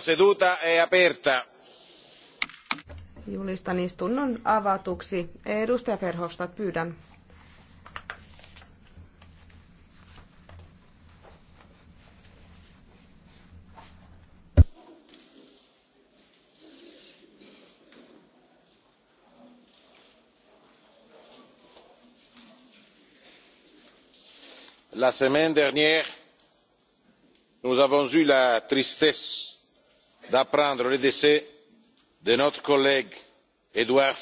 seduta è aperta. Julistan istunnon avatuksi. Edustaja Verhofstadt, pyydän. La semaine dernière, nous avons eu la tristesse d'apprendre le décès de notre collègue édouard philippe